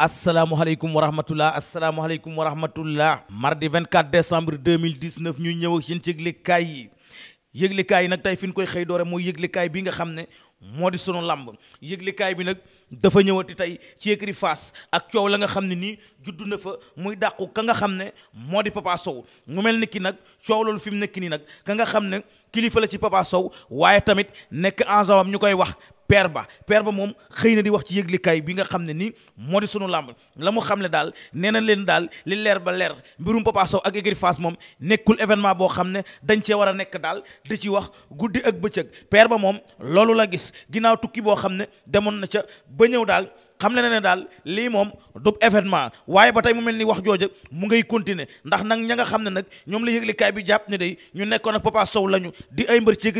asalaamaaleykum wa rahmatulah asalaamaaleykum wa rahmatulah. mardi 24 décembre 2019 ñu ñëw ak yéen ci yëglekaay yi yëglekaay yi nag tey fi ñu koy xëy doore mooy yëglekaay bi nga xam ne moo di sunu làmb yëglekaay bi nag dafa ñëwati tey ci écurie Fass ak coow la nga xam ne nii juddu na fa muy dàqu ka nga xam ne moo di Papa Sow mu mel ni ki nag coow loolu fi mu nekk nii nag ka nga xam ne kilifa la ci Papa Sow waaye tamit nekk enjeu am ñu koy wax. père ba père ba moom xëy na di wax ci yëglikaay bi nga xam ne nii moo di sunu làmb la mu xam ne daal nee na leen daal li leer ba leer mbirum Papa Sow ak écurie moom nekkul événement boo xam ne dañ cee war a nekk daal di ci wax guddi ak bëccëg père ba moom loolu la gis ginnaaw tukki boo xam ne demoon na ca ba ñëw daal xam le ne ne daal lii moom du événement waaye ba tey mu mel ni wax jooja mu ngay continuer ndax nag ña nga xam ne nag ñoom la yëglikaay bi jàpp ne day ñu nekkoon ak Papa Sow lañu di ay mbër ci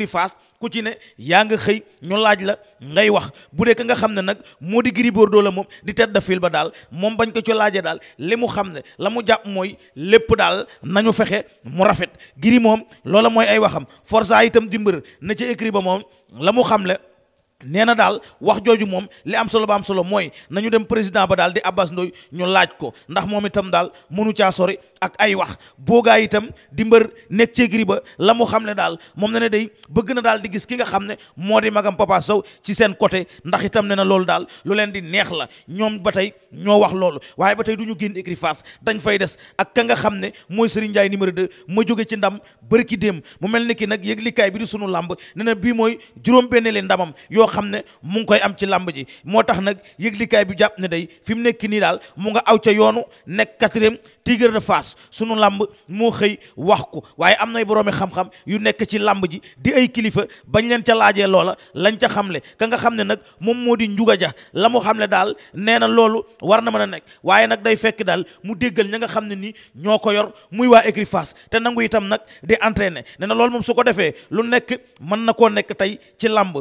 yaa nga xëy ñu laaj la ngay wax bu dee ka nga xam ne nag moo di Gris doo la moom di tête de file ba daal moom bañ ko ci laajee daal li mu xam ne la mu jàpp mooy lépp daal nañu fexe mu rafet Gris moom loola mooy ay waxam Forza itam di mbër na ca écrit ba moom la mu xam le nee na daal wax jooju moom li am solo ba am solo mooy nañu dem président ba daal di Abbas Ndoy ñu laaj ko ndax moom itam daal mënu caa sori ak ay wax boogaay itam di mbër nekk ci gri ba la mu xam ne daal moom ne ne day bëgg na daal di gis ki nga xam ne moo di magam Papa Sow ci seen côté ndax itam ne na loolu daal lu leen di neex la ñoom ba tey ñoo wax loolu waaye ba tey du ñu génn écurie Fass dañ fay des ak ka nga xam ne mooy Serigne Ndiaye numéro 2 ma jóge ci ndam bërki déem mu mel ni ki nag yëglikaay bi di sunu làmb ne bii mooy juróom benn leen ndamam yoo xam ne mu nga koy am ci làmb ji moo tax nag yëglikaay bu jàpp ne day fi mu nekk nii daal mu nga aw ca yoonu nekk quatrième tigre de Fass sunu làmb moo xëy wax ko waaye am na boroomi xam-xam yu nekk ci làmb ji di ay kilifa bañ leen ca laajee loola lañ ca xamle ka nga xam ne nag moom moo di njuga ja la mu ne daal nee na loolu war na mën a nekk waaye nag day fekk daal mu déggal ña nga xam ne nii ñoo ko yor muy waa écurie Fass te nangu itam nag di entraîner nee na loolu moom su ko defee lu nekk mën na koo nekk tey ci làmb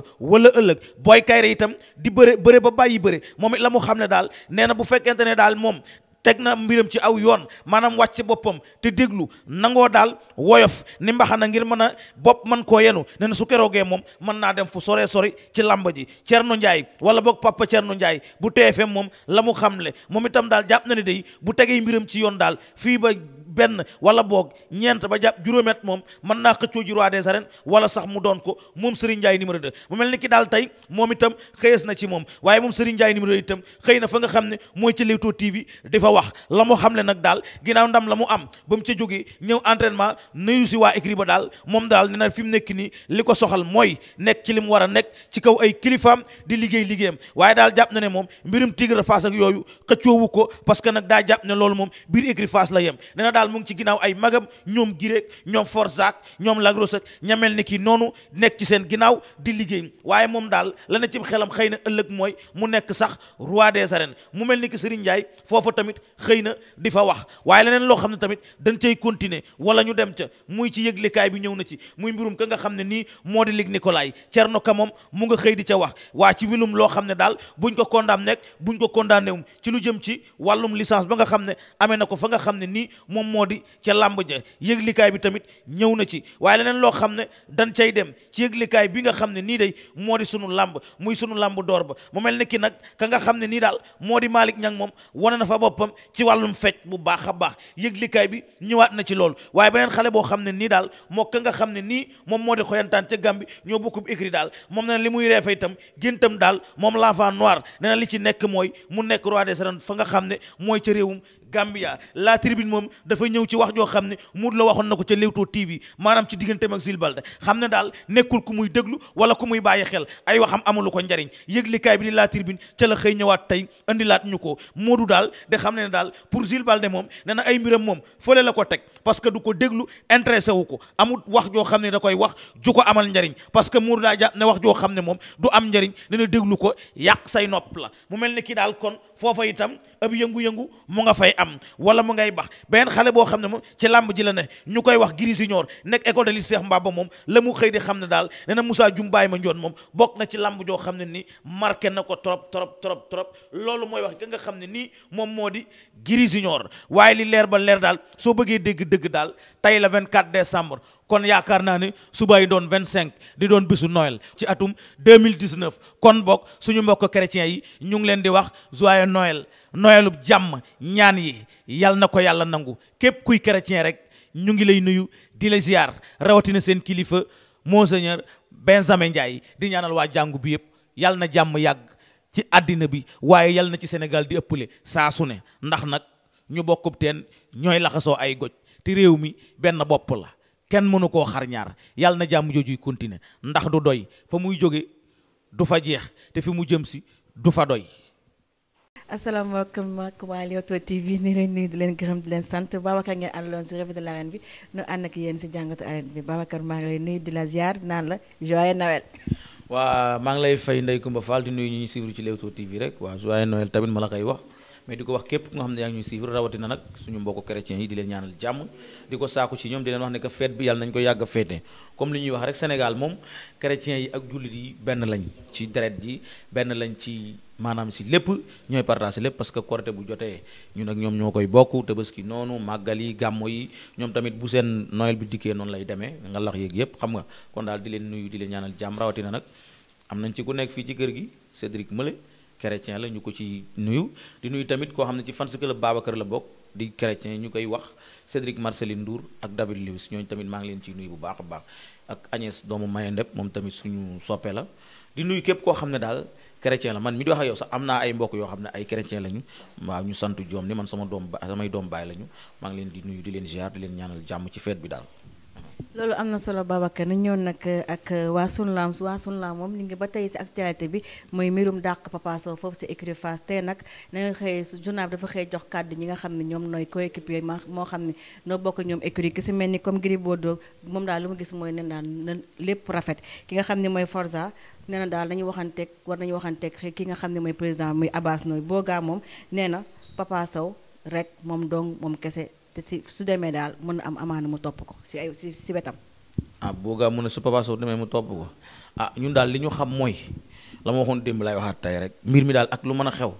ëllëg booy kayre itam di bëre bëre ba bàyyi bëre moom it la mu xam ne daal nee na bu fekkente ne daal moom teg na mbiram ci aw yoon maanaam wàcc boppam te déglu nangoo daal woyof ni mbaxana ngir mën a bopp mën koo yenu ne na su keroogee moom mën naa dem fu soree sori ci làmb ji Thierno Ndiaye wala boog papa Thierno Ndiaye bu TFM moom la mu xamle moom itam daal jàpp na ne day bu tegee mbiram ci yoon daal fii ba benn wala boog ñeent ba jàpp juróomet moom mën naa xëccoo ji roi des arènes wala sax mu doon ko moom Serigne Ndiaye numéro de mu mel ni ki daal tey moom itam xëyes na ci moom waaye moom Serigne Ndiaye numéro 2 itam xëy na fa nga xam ne mooy ci Leewtoo TV di fa wax la mu xam ne nag daal ginnaaw ndam la mu am ba mu ca jógee ñëw entraînement nuyu si waa écrit ba daal moom daal ne na fi mu nekk nii li ko soxal mooy nekk ci li mu war a nekk ci kaw ay kilifaam di liggéey liggéeyam waaye daal jàpp na ne moom mbirum Tigre Fass ak yooyu xëccoowu ko parce que nag daa jàpp ne loolu moom biir écrit la yem Sénégal mu ngi ci ginnaaw ay magam ñoom Girek ñoom Forzac ñoom Lagros ñamel ni ki noonu nekk ci seen ginnaaw di liggéey waaye moom daal la ne xelam xëy na ëllëg mooy mu nekk sax roi des arènes mu mel ni ki Serigne Ndiaye foofa tamit xëy na di fa wax waaye leneen loo xam ne tamit dañ cay continuer wala ñu dem ca muy ci kaay bi ñëw na ci muy mbirum ka nga xam ne nii moo di lig Nicolas Cerno Ka moom mu nga xëy di ca wax waa ci wilum loo xam ne daal buñ ko condamné nekk buñ moom moo di ca làmb ja yëglikaay bi tamit ñëw na ci waaye leneen loo xam ne dan cay dem ci yëglikaay bi nga xam ne nii day moo di sunu làmb muy sunu làmb door ba moo mel ne ki nag ka nga xam ne nii daal moo di Malick Niang moom wane na fa boppam ci wàllum fecc bu baax a baax yëglikaay bi ñëwaat na ci loolu waaye beneen xale boo xam ne nii daal moo ka nga xam ne nii moom moo di xoyantaan ca Gàmbi ñoo bokkub écrit daal moom na li muy reefe itam géntam daal moom l'enfant noir nee li ci nekk mooy mu nekk roi des fa nga xam ne mooy ca réewum Gambia la tribune moom dafa ñëw ci wax joo xam ne Modou Lo waxoon na ko ca Leewtoo TV maanaam ci digganteem ak Jules Baldé xam ne daal nekkul ku muy déglu wala ku muy bàyyi xel ay waxam amulu ko njariñ yëglikaay bi di la tribune ca xëy ñëwaat tey indilaat ko Modou daal de xam ne daal pour Jules Baldé moom nee na ay mbiram moom fële la ko teg parce que du ko déglu intéressé wu ko amul wax joo xam ne da koy wax ju ko amal njariñ parce que Modou daa jàpp ne wax joo xam ne moom du am njariñ dina déglu ko yàq say nopp la mu mel ne kii daal kon foofa itam ab yëngu-yëngu mu nga fay am wala mu ngay bax beneen xale boo xam ne moom ci làmb ji la ne ñu koy wax Gris Junior nekk école de lycée Cheikh Mbaba moom la mu xëy di xam ne daal nee na Moussa Dioum bàyyi ma njoon moom bokk na ci làmb joo xam ne nii marqué na ko trop trop trop trop loolu mooy wax ka nga xam ne nii moom moo di Gris Junior waaye li leer ba leer daal soo bëggee dégg dëgg daal tey la 24 décembre kon yaakaar naa ni suba yi doon vingt cinq di doon bisu Noël ci atum deux mille dix neuf kon bokk suñu mbokk chrétiens yi ñu ngi leen di wax joyeux Noël Noëlub jàmm ñaan yi yal na ko yàlla nangu képp kuy chrétien rek ñu ngi lay nuyu di la ziar rawatina seen kilifa monseigneur Benjamin Ndiaye di ñaanal waa jàngu bi yëpp yal na jàmm yàgg ci àddina bi waaye yal na ci Sénégal di ëppale saa su ne ndax nag ñu bokkub teen ñooy laxasoo ay goj te réew mi benn bopp la kenn mënu koo xarñaar ñaar na jàmm joojuy continuer ndax du doy fa muy jóge du fa jeex te fi mu jëm si du fa doy asalaamaaleykum ak waa Leewtoo TV ni leen nuyu di leen gërëm di leen sant Babacar ngeen àndaloon si revue de l'arène bi nu ànd ak yéen si jàngatu arène bi Babacar maa ngi lay nuyu di la ziar naan la joyeux Noël waa maa ngi lay fay Ndeye Koumba Fall di nuyu ñu ñu suivre ci Leewtoo TV rek waa joyeux Noël tamit ma la koy wax mais di ko wax képp ku nga xam ne yaa ngi ñuy suivre rawatina nag suñu mbokk chrétiens yi di leen ñaanal jàmm di ko saaku ci ñoom di leen wax ne que fête bi yàlla nañu ko yàgg a comme li ñuy wax rek Sénégal moom chrétiens yi ak jullit yi benn lañ ci deret ji benn lañ ci maanaam si lépp ñooy partagé lépp parce que Korité bu jotee ñu ak ñoom ñoo koy bokk Tabaski noonu màggal yi gàmmo yi ñoom tamit bu seen Noël bi dikkee noonu lay demee nga lax yéeg yépp xam nga kon daal di nuyu di leen ñaanal jàmm rawatina nag am nañ ci ku nekk fii ci kër gi Cédric Mële chrétien la ñu ko ci nuyu di nuyu tamit koo xam ne ci fans club Babacar la bokk di chrétien ñu koy wax Cédric Marcelin Ndour ak David Lewis ñooñu tamit maa ngi leen ci nuyu bu baax a baax ak Agnès doomu Mayendep moom tamit suñu soppe la di nuyu képp koo xam ne daal chrétien la man mi di wax ak yow sax am naa ay mbokk yoo xam ne ay chrétien lañu waaw ñu sant joom ni man sama doom ba samay doom baay lañu maa ngi leen di nuyu di leen ziar di leen ñaanal jàmm ci feet bi daal loolu am na solo Babacar na ñëw nag ak waa sunu laam waa sunu laam moom li ngi ba tey si actualité bi mooy mbirum dàq Papa Sow foofu si écurie Fass tey nag na nga xëy journal bi dafa xëy jox kàddu ñi nga xam ne ñoom nooy coéquipier ma moo xam ne noo bokk ñoom écurie ki su mel ni comme Gris Bordeaux moom daal lu ma gis mooy nen daal na lépp rafet ki nga xam ne mooy Forza nee na daal nañu waxanteeg war nañu waxanteeg ki nga xam ne mooy président muy Abass Nooy boogaa moom nee na Papa rek moom dong moom kese te si su demee daal mën na am amaana mu topp ko si ay si si wetam. ah boogaa mu ne su Papa Sow demee mu topp ko ah ñun daal li ñu xam mooy la ma waxoon démb laay waxaat tey rek mbir mi daal ak lu mën a xew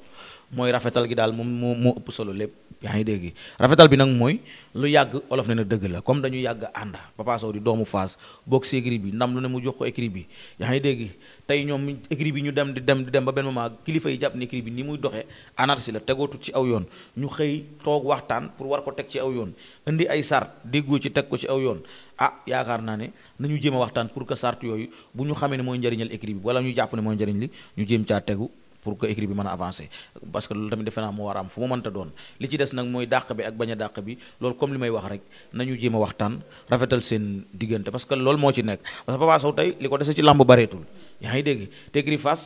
mooy rafetal gi daal moom moo moo ëpp solo lépp yaa ngi dégg rafetal bi nag mooy lu yàgg olof ne na dëgg la comme dañu yàgg ànd Papa Sow di doomu Faas bokk si écurie bi ndam lu ne mu jox ko écurie bi yaa ngi dégg tey ñoom écrit bi ñu dem di dem di dem ba benn moment kilifa yi jàpp ne écrit bi ni muy doxee anarchie la tegootut ci aw yoon ñu xëy toog waxtaan pour war ko teg ci aw yoon indi ay sart déggoo ci teg ko ci aw yoon a ah, yaakaar naa ne nañu jéem a waxtaan pour que sart yooyu bu ñu xamee ne mooy njëriñal écrit bi wala ñu jàpp ne mooy njëriñ li ñu jéem caa tegu pour que écrit bi mën a avancer parce que loolu tamit defe naa moo war a am fu mu mënta doon li ci des nag mooy dàq bi ak bañ a dàq loolu comme li may wax rek nañu jéem a waxtaan rafetal seen diggante parce que loolu moo ci nekk parce que Papa li ko dese ci làmb bareetul yaa ngi dégg te Gris Fass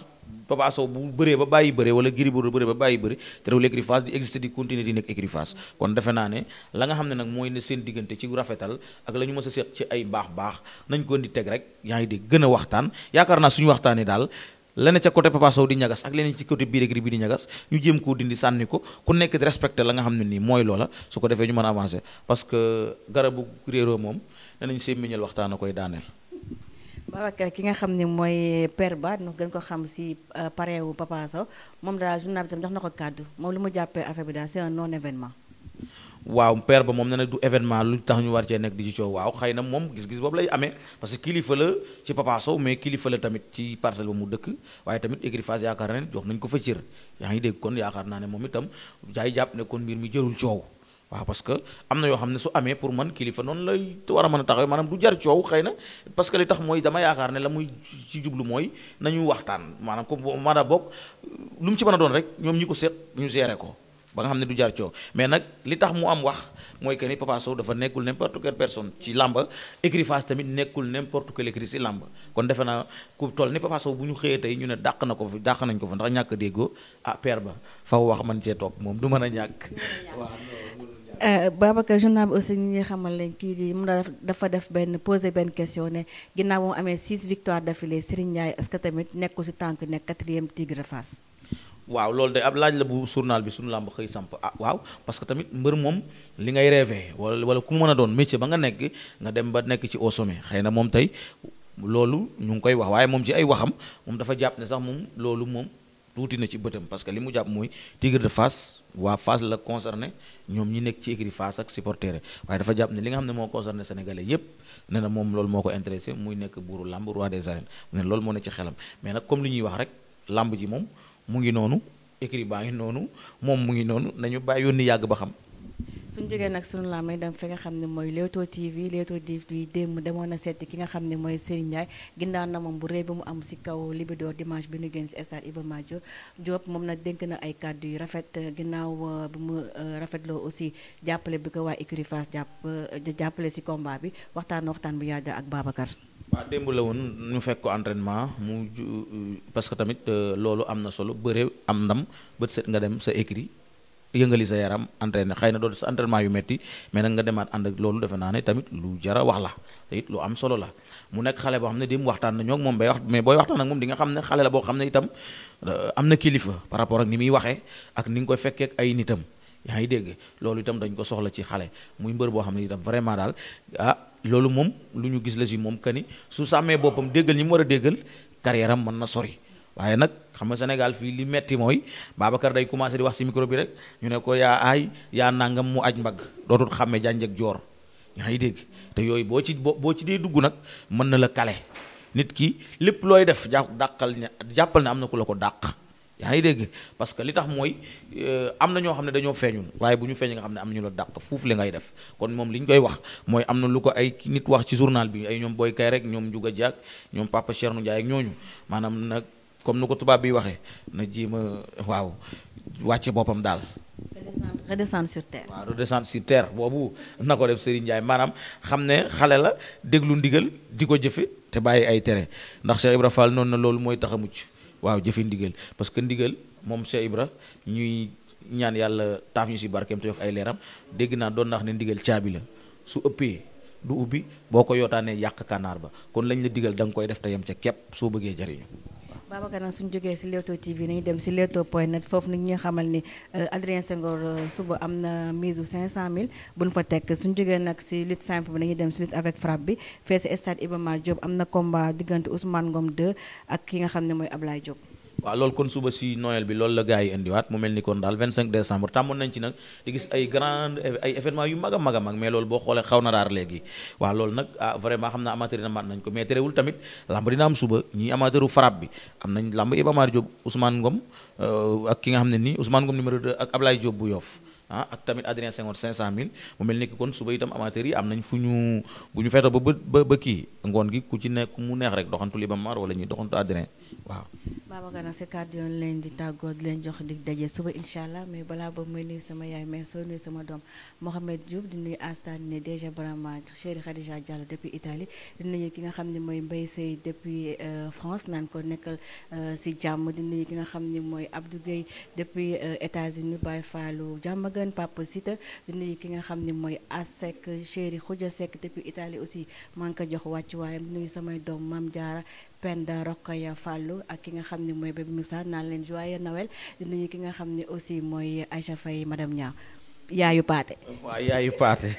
Papa Sow bu bëree ba bàyyi bëree wala Gris bu bëree ba bàyyi bëri terewul Gris Fass di exister di continuer di nekk Gris kon defe naa ne la nga xam ne nag mooy ne seen diggante ci rafetal ak la ñu mës a ci ay baax-baax nañ ko di teg rek yaa ngi dégg gën a waxtaan yaakaar naa suñu waxtaanee daal leneen ca côté Papa di ñagas ak leneen ci côté biir Gris bi di ñagas ñu jéem koo dindi sànni ko ku nekk di respecté nga xam ne nii mooy loola su ko defee ñu mën a avancer parce que garabu réeroo moom nee nañ sémmiñal waxtaan a koy daaneel Babacar ki nga xam ne mooy per Ba ñu gën ko xam si euh, pare wu Papa Sow moom daal journal bi tam jox na ko kàddu moom li mu jàppee affaire bi daal c'est un non événement. waaw per ba moom nee na du événement lu tax ñu war cee nekk di ci coow waaw xëy na moom gis-gis boobu lay amee parce que kilifa la ci Papa Sow mais kilifa la tamit ci parcelle ba mu dëkk waaye tamit écurie yaakaar na ne jox nañ ko fa cër yaa ngi dégg kon yaakaar naa ne moom itam jaay jàpp ne kon mbir mi jërul coow. waaw parce que am na yoo xam ne su amee pour man kilifa noonu lay war a mën a taxawee maanaam du jar coow xëy na parce que li tax mooy dama yaakaar ne la muy ci jublu mooy nañu waxtaan maanaam ko maanaam bokk lu mu ci mën a doon rek ñoom ñi ko seet ñu seere ko ba nga xam ne du jar coow mais nag li tax mu am wax mooy que ni Papa Sow dafa nekkul n'importe quelle personne ci làmba écurie tamit nekkul n'importe quelle écurie ci làmba kon defe naa ku toll ni Papa bu ñu xëyee tey ñu ne dàq na ko fi dàq nañ ko fa ndax ñàkk déggoo ah père ba faw wax man cee toog moom du mën a ñàkk waaw Euh, Babacar journal bi aussi nga xamal leen kii di mun a dafa def benn posé benn question ne ginnaaw moom amee six victoires d'affilée Serigne Ndiaye est-ce nekk tamit nekku si tànk nekk quatrième tigre de Fass waaw loolu de ab laaj la bu journal bi suñu làmb xëy samp ah waaw parce que tamit mbër moom li ngay rêvé wala wala ku mën a doon métier ba nga nekk nga dem ba nekk ci au sommet xëy na moom tey loolu ñu ngi koy wax waaye moom ci ay waxam moom dafa jàpp ne sax moom loolu moom tuuti na ci bëtam parce que li mu jàpp mooy Tigre de Fass waa Fass la concerné ñoom ñi nekk ci écurie Fass ak supporter waaye dafa jàpp ne li nga xam ne moo concerné sénégalais yépp ne na moom loolu moo ko intéressé muy nekk buuru làmb roi des arènes ne loolu moo ne ci xelam mais nag comme li ñuy wax rek làmb ji moom mu ngi noonu écurie baa ngi noonu moom mu ngi noonu na ñu bàyyi yónni yàgg ba xam suñ jegee nag suñu laa may dem fi nga xam ne mooy Leewtoo TV Leewtoo TV démb demoon na seeti ki nga xam ne mooy Serigne Ndiaye ginnaaw na moom bu rëy ba mu am si kaw Libidor dimanche bi ñu génn si stade Iba Mar Diop moom na dénk na ay kàddu yu rafet euh, ginnaaw euh, bu mu euh, rafetloo aussi jàppale bi ko waa écurie jàpp jàppale si combat bi waxtaan waxtaan bu yaada ak Babacar. waaw démb la woon ñu fekk ko entraînement mu parce que tamit loolu am na solo bëre am ndam bët set dem sa écurie. yëngali sa yaram entraîné xëy na doo sa entraînement yu metti mais nag nga demaat ànd ak loolu defe naa ne tamit lu jara wax la te lu am solo la mu nekk xale boo xam ne dim waxtaan na ñoo moom bay wax mais booy waxtaan ak moom di nga xam ne xale la boo xam ne itam euh, am na kilifa par rapport ak ni muy waxee ak ni nga koy fekkee ay nitam yaa ngi dégg loolu itam dañ ko soxla ci xale muy mbër boo xam ne itam vraiment daal ah loolu moom lu ñu gis la si moom que ni su sàmmee boppam déggal ñi mu war a déggal carrière am mën na sori waaye nag xam nga Sénégal fii li metti mooy Babacar day commencé di wax si micro bi rek ñu ne ko yaa aay yaa nangam mu aj mbagg dootul xàmme janj joor yaa ngi dégg te yooyu boo ci boo ci dee dugg nag mën na la kale nit ki lépp looy def ja dàqal ne jàppal am na ku la ko dàq yaa ngi dégg parce que li tax mooy euh, am na ñoo xam ne dañoo feeñul waaye bu ñu feeñ nga xam ne am ñu la dàq fuuf li ngay def kon moom li koy wax mooy am na lu ko ay nit wax ci journal bi ay ñoom Boy Kay rek ñoom Ndiouga Diak ñoom Papa Chernou Ndiaye ak ñooñu maanaam nag. comme nu ko tubaab bi waxee na jéem a waaw wàcce boppam daal. redescendre sur terre. boobu na ko def Serigne Ndiaye maanaam xam ne xale la déglu ndigal di ko jëfe te bàyyi ay tere ndax Cheikh Ibra Fall noonu na loolu mooy tax a mucc waaw jëfe ndigal parce que ndigal moom Cheikh Ibra ñuy ñaan yàlla taaf ñu si barkeem te yof ay leeram dégg naa doon na ne ndigal caabi la su ëppee du ubbi boo ko yootaanee yàq kanaar ba kon lañ la digal da nga koy def te yem ca kep soo bëggee jariñu Babacar nag suñu jógee si Leewtoo TV nañu dem si Leewtoo point net foofu nag ñuy xamal ni euh, Adrien Senghor euh, suba am na mise u 500000 bu ñu fa tekk suñu jógee nag si lutte simple bi nañuy dem si lutte avec frappe bi fee si stade Iba Mar am na combat diggante Ousmane Ngom 2 ak ki nga xam ne mooy ab Ablaye jóg waaw loolu kon suba si Noël bi loolu la gars yi indiwaat mu mel ni kon daal 25 décembre tàmmoon nañ ci nag di gis ay grand ay événement yu mag a mag a mag mais loolu boo xoolee xaw na raar léegi waaw loolu nag ah vraiment xam naa amateur yi na mat nañ ko tamit lamb dina am suba ñii amateuru frappe bi am nañ lamb Iba Mar Diop Ousmane Ngom euh, ki nga xam ne nii Ousmane Ngom numéro 2 ak bu Yoff ah ak tamit Adrien Senghor 500000 mu mel ni ki kon suba itam amateur yi am nañ fu ñu bu ñu feetoo ba ba ba kii ngoon gi ku ci nekk mu neex rek doxantul Iba Mar wala ñuy doxantu Adrien waaw. Babacar nag si kàddu yoon leen di tàggoo leen jox di daje suba incha allah mais balaa boobu may nuyu sama yaay mais soo nuyu sama doom Mohamed Diouf di nuyu Astan ne déjà vraiment chéri Khadija Diallo depuis Italie ki nga xam ne mooy Mbaye Seye depuis euh, France naan ko nekkal euh, si jàmm di ki nga xam ne mooy Abdou Gueye depuis euh, États-Unis Baye Fallou Diamaguène Papa Sita di ki nga xam ne mooy Asek chéri Khoudia Seck depuis Italie aussi maa ngi ko jox wàccuwaayam di nuyu samay doom Mame Diarra Penda Rokhaya Fallou ak ki nga xam ne mooy ba Moussa naan leen joyeux Noël di nuyu ki nga xam ne aussi mooy Aïcha Faye madame Niang yaayu paate waaw yaayu paate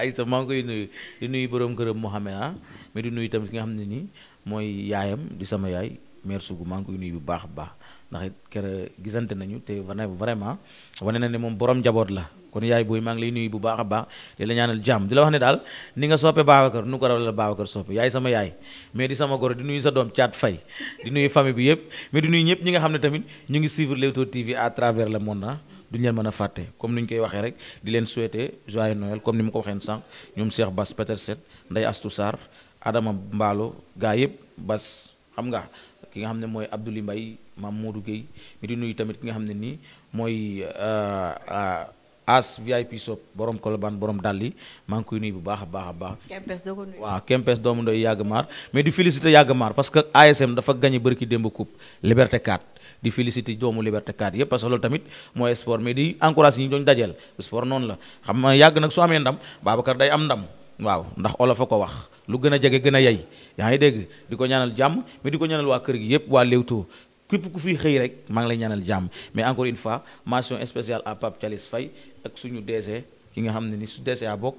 ay sa ngi yu nuyu di nuyu borom këram Mohamed ah mais di nuyu tamit ki nga xam ne nii mooy yaayam di sama yaay mère Sougou maa yu koy nuyu bu baax a baax ndax kër gisante nañu te vraiment wane na ne moom borom njaboot la kon yaay booy maa ngi lay nuyu bu baax a baax di la ñaanal jàmm di la wax ne daal ni nga soppe Babacar nu ko raw la Babacar soppe yaay sama yaay mais di sama goro di nuyu sa doom caat fay di nuyu famille bi yëpp mais di nuyu ñëpp ñi nga xam ne tamit ñu ngi suivre Leewtoo TV à travers le monde ah. duñ leen mën a fàtte comme ni ñu koy waxee rek di leen souhaiter joyeux Noël comme ni mu ko waxee sànq ñoom Cheikh Bass Petersen Ndeye Astou Sarr Adama Mballo xam nga ki nga xam ne mooy Abdoulaye Mbaye Maam Modou Guèye di nuyu tamit ki xam ne nii mooy euh, euh, as VIP Shop borom Colobane borom Dali maa ngi koy nuyu bu baax a baax a baax. Kempes doo ko nuyu waaw Kempes doomu ndoy Yagmar mais di féliciter Yagmar parce que ASM dafa gagné bëri démb coupe Liberté 4 di féliciter doomu Liberté 4 yëpp parce que tamit mooy sport mais di encourage ñi doon dajeel sport noonu la xam nga yàgg nag su amee ndam Babacar day am ndam. waaw ndax olof a ko wax lu gën a jege gën a yay yaa ngi dégg di ko ñaanal jàmm mais di ko ñaanal waa kër gi yépp waa Leewtoo képp ku fi xëy rek maa ngi lay ñaanal jàmm mais encore une fois mention spéciale à Pape ak suñu DG ki nga xam ne ni su DCA bokk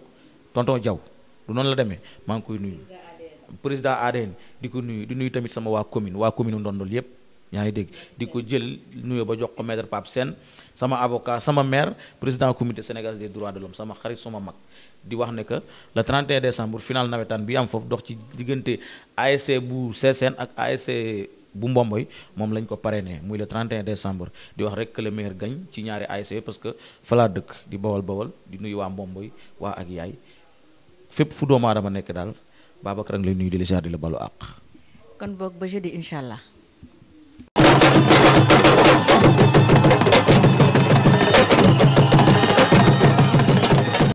tonton Diaw du noonu la demee maa ngi koy nuyu. président ADN di ko nuyu di nuyu tamit sama waa commune waa commune Ndondol yépp yaa dégg di ko jël nuyoo ba jox ko Pape Sène sama avocat sama maire président comité sénégalais des droits de l'homme sama xarit sama mag di wax ne que le 31 décembre final nawetaan bi am foofu dox ci diggante ASC bu CSN ak ASC bu Mbomboy moom lañ ko parrainé muy le 31 décembre di wax rek que le meilleur ci ñaari ay ASC parce que falaa dëkk di bawal bawal di nuyu waa Mbomboy waa ak yaay fépp fu doomu aadama nekk daal Babacar a ngi lay nuyu di la jaar di la balu àq. kon boog ba jeudi incha allah.